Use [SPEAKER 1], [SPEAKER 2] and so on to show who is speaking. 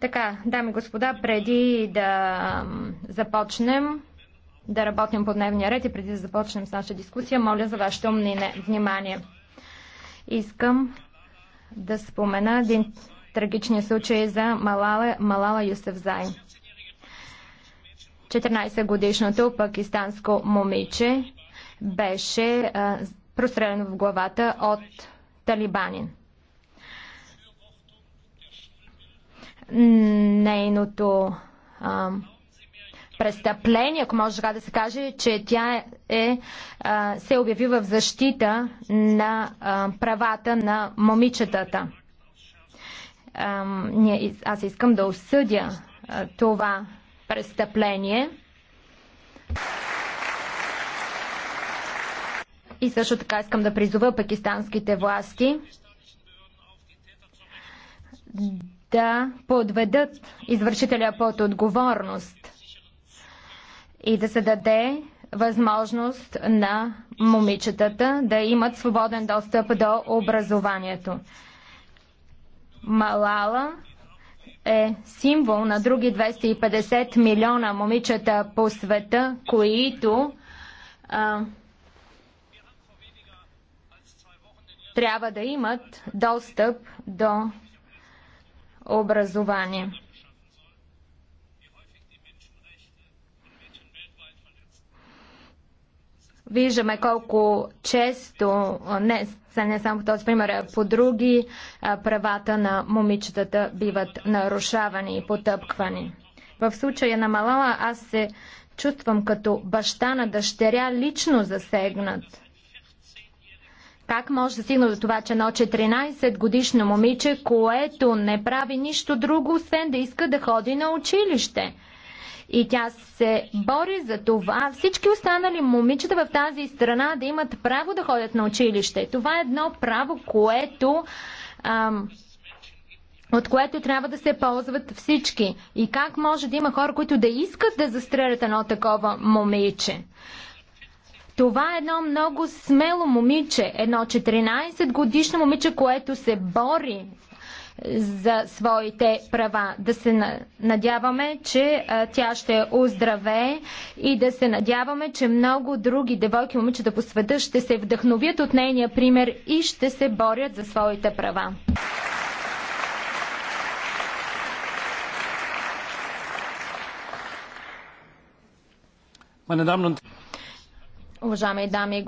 [SPEAKER 1] Така, дами и господа, преди да започнем да работим по дневния ред и преди да започнем с наша дискусия, моля за вашето внимание. Искам да спомена един трагичния случай за Малала, Малала Юсефзай. 14-годишното пакистанско момиче беше прострелено в главата от талибанин. нейното а, престъпление, ако може така да се каже, че тя е, а, се обяви в защита на а, правата на момичетата. А, аз искам да осъдя а, това престъпление. И също така искам да призова пакистанските власти да подведат извършителя под отговорност и да се даде възможност на момичетата да имат свободен достъп до образованието. Малала е символ на други 250 милиона момичета по света, които а, трябва да имат достъп до образование. Виждаме колко често, не, не само по този пример, а по други правата на момичетата биват нарушавани и потъпквани. В случая на Малала аз се чувствам като баща на дъщеря лично засегнат – как може да стигне до това, че едно 14 годишно момиче, което не прави нищо друго, освен да иска да ходи на училище? И тя се бори за това всички останали момичета в тази страна да имат право да ходят на училище. Това е едно право, което ам, от което трябва да се ползват всички. И как може да има хора, които да искат да застрелят едно такова момиче? Това е едно много смело момиче, едно 14 годишно момиче, което се бори за своите права. Да се надяваме, че а, тя ще оздравее и да се надяваме, че много други девойки момичета по света ще се вдъхновят от нейния пример и ще се борят за своите права. Meine Damen und Уважаеми дами и господа,